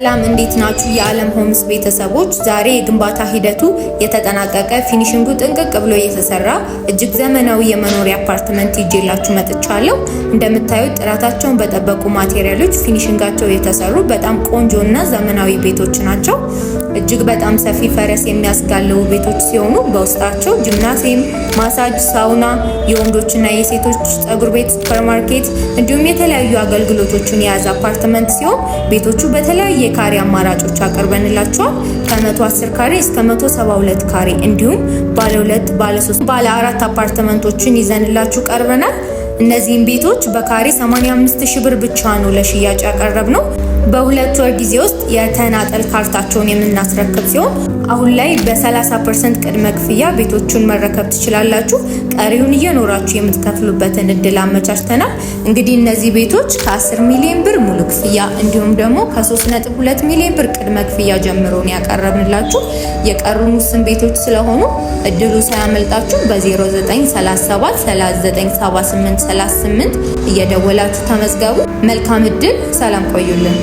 ሰላም እንዴት ናችሁ? የዓለም ሆምስ ቤተሰቦች ዛሬ የግንባታ ሂደቱ የተጠናቀቀ ፊኒሽንጉ ጥንቅቅ ብሎ የተሰራ እጅግ ዘመናዊ የመኖሪያ አፓርትመንት ይዤላችሁ መጥቻለሁ። እንደምታዩት ጥራታቸውን በጠበቁ ማቴሪያሎች ፊኒሽንጋቸው የተሰሩ በጣም ቆንጆ እና ዘመናዊ ቤቶች ናቸው። እጅግ በጣም ሰፊ ፈረስ የሚያስጋለቡ ቤቶች ሲሆኑ በውስጣቸው ጂምናዚየም ማሳጅ፣ ሳውና፣ የወንዶችና የሴቶች ጸጉር ቤት፣ ሱፐርማርኬት እንዲሁም የተለያዩ አገልግሎቶችን የያዘ አፓርትመንት ሲሆን ቤቶቹ በተለያየ የካሬ አማራጮች አቀርበንላቸዋል። ከ110 ካሬ እስከ 172 ካሬ እንዲሁም ባለ ሁለት፣ ባለ ሶስት፣ ባለ አራት አፓርትመንቶችን ይዘንላችሁ ቀርበናል። እነዚህም ቤቶች በካሬ 85 ሺህ ብር ብቻ ነው ለሽያጭ ያቀረብ ነው። በሁለት ወር ጊዜ ውስጥ የተናጠል ካርታቸውን የምናስረክብ ሲሆን አሁን ላይ በ30 ፐርሰንት ቅድመ ክፍያ ቤቶቹን መረከብ ትችላላችሁ። ቀሪውን እየኖራችሁ የምትከፍሉበትን እድል አመቻችተናል። እንግዲህ እነዚህ ቤቶች ከ10 ሚሊዮን ብር ሙሉ ክፍያ እንዲሁም ደግሞ ከ3.2 ሚሊዮን ብር ቅድመ ክፍያ ጀምሮን ያቀረብንላችሁ የቀሩን ውስን ቤቶች ስለሆኑ እድሉ ሳያመልጣችሁ በ0937397838 እየደወላችሁ ተመዝገቡ። መልካም እድል። ሰላም ቆዩልን።